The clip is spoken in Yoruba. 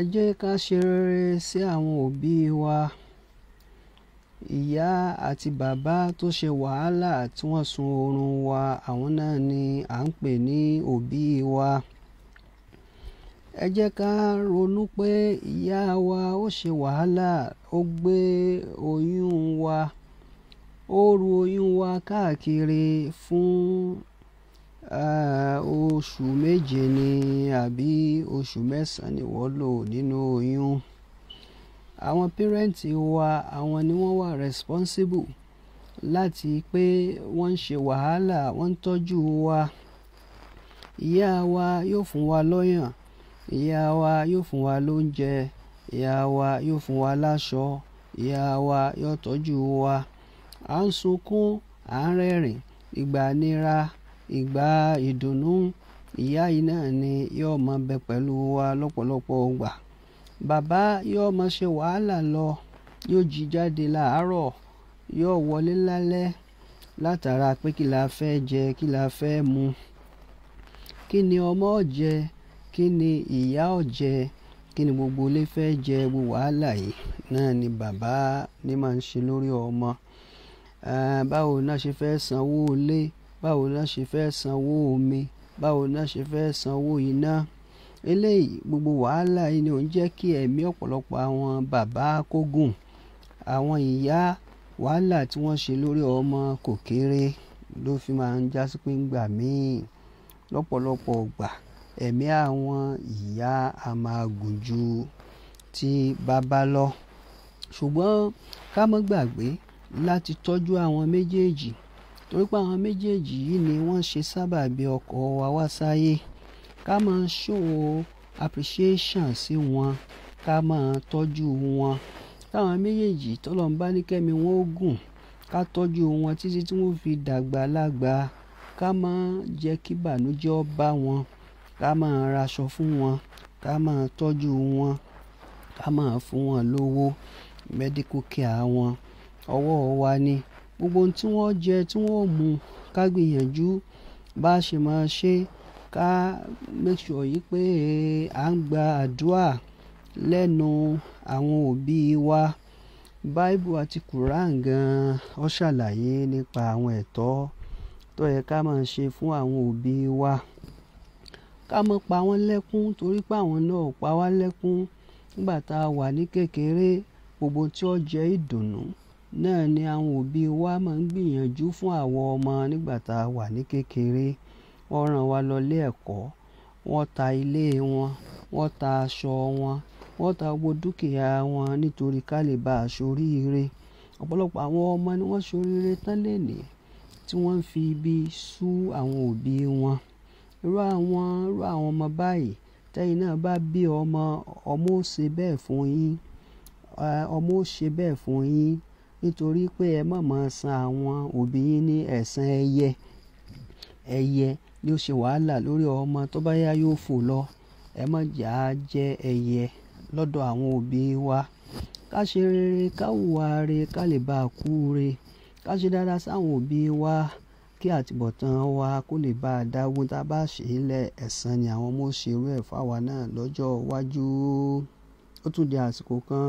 ẹ jẹ́ ká ṣe rere sí àwọn òbí wa ìyá àti bàbá tó ṣe wàhálà tí wọ́n sun oorun wa àwọn náà ni à ń pè ní òbí wa ẹ jẹ́ ká ronú pé ìyá wa ó ṣe wàhálà ó gbé oyún wa ó ru oyún wa káàkiri fún Ah, oṣù méje ni àbí oṣù mẹ́sàn-án ni wọ́n lò nínú oyún àwọn pẹ́rẹ́ǹtì wa àwọn ni wọ́n wà responsible láti pé wọ́n ń ṣe wàhálà wọ́n ń tọ́jú wa ìyá wa yóò fún wa lọ́yàn ìyá wa yóò fún wa lóúnjẹ ìyá wa yóò fún wa láṣọ ìyá wa yóò tọ́jú wa à ń sunkún à ń rẹ́rìn ìgbà nira ìgbà ìdùnnú ìyá yìí náà ni yóò mọ bẹ pẹ̀lú wa lọ́pọ̀lọpọ̀ ọgbà bàbá yóò mọ ṣe wàhálà lọ yóò jí jáde láàárọ̀ yóò wọlé lálẹ́ látara pé kí la fẹ́ jẹ kí la fẹ́ mu kí ni ọmọ ọ̀jẹ̀ kí ni ìyá ọ̀jẹ̀ kí ni gbogbo ilé fẹ́ jẹ gbogbo wàhálà yìí náà ni bàbá ni máa ń ṣe lórí ọmọ báwo náà ṣe fẹ́ sanwó ilé báwo náà ṣe fẹ́ sanwó omi báwo náà ṣe fẹ́ sanwó iná eléyìí gbogbo wàhálà yìí ni ò ń jẹ́ kí ẹ̀mí ọ̀pọ̀lọpọ̀ àwọn bàbá kógùn àwọn ìyá wàhálà tí wọ́n ṣe lórí ọmọ kò kéré ló fi máa ń já sí pé ń gbà míì lọ́pọ̀lọpọ̀ ọgbà ẹ̀mí àwọn ìyá a máa gùn ju ti bàbá lọ ṣùgbọ́n ká má gbàgbé láti tọ́jú àwọn méjèèjì torí pé àwọn méjèèjì yìí ni wọ́n ṣe sábàbí ọkọ̀ wa wá sáyé ká máa ṣòwò appreciation sí wọn ká máa tọ́jú wọn táwọn méjèèjì tọ́lọ́mbá ní kẹ́mi wọn ó gùn ká tọ́jú wọn títí tí wọ́n fi dàgbà lágbà ká máa jẹ́ kí ìbànújẹ́ bá wọn ká máa raṣọ fún wọn ká máa tọ́jú wọn ká máa fún wọn lówó medical care wọn ọwọ́ wa ni gbogbo ohun tí wọ́n jẹ tí wọ́n mu ká gbìyànjú bá ṣe máa ṣe ká make sure yìí pé à ń gba àdúrà lẹ́nu àwọn òbí wa báìbù àti quran gan-an ó ṣàlàyé nípa àwọn ẹ̀tọ́ tó yẹ ká máa ṣe fún àwọn òbí wa ká má pa wọ́n lẹ́kún torí pé àwọn náà pa wá lẹ́kún nígbà tá a wà ní kékeré gbogbo tí ó jẹ́ ìdùnnú náà ni àwọn òbí wa máa ń gbìyànjú fún àwọn ọmọ nígbà tá a wà ní kékeré wọ́n rán wa lọ ilé ẹ̀kọ́ wọ́n ta ilé wọn wọ́n ta aṣọ wọn wọ́n ta owó dúkìá wọn nítorí ká lè bá a ọ̀pọ̀lọpọ̀ àwọn ọmọ ni wọ́n ṣoríire tán lénìí tí wọ́n ń fi ibi sú àwọn òbí wọn irú àwọn irú àwọn ọmọ báyìí tẹ́yìn náà bá bí ọmọ ọmọ ó ṣe bẹ́ẹ̀ fún yín ọmọ ó ṣe bẹ́ẹ̀ fún yín nítorí pé ẹ mọ̀mọ́ san àwọn òbí yín ní ẹ̀san ẹyẹ ẹyẹ ni ó ṣe wàhálà lórí ọmọ tó bá yá yóò fò lọ ẹ má jà á jẹ́ ẹyẹ lọ́dọ̀ àwọn òbí wa ká ṣe rere ká hùwà re ká lè bá a kú re ká ṣe dáadáa sáwọn òbí wa kí àtìbọ̀tán wa kó lè bá a dáwó tá a bá ṣe é lẹ̀ ẹ̀san ni àwọn ọmọ òṣèré ẹ̀ fáwa náà lọ́jọ́ iwájú ó tún di àsìkò kan.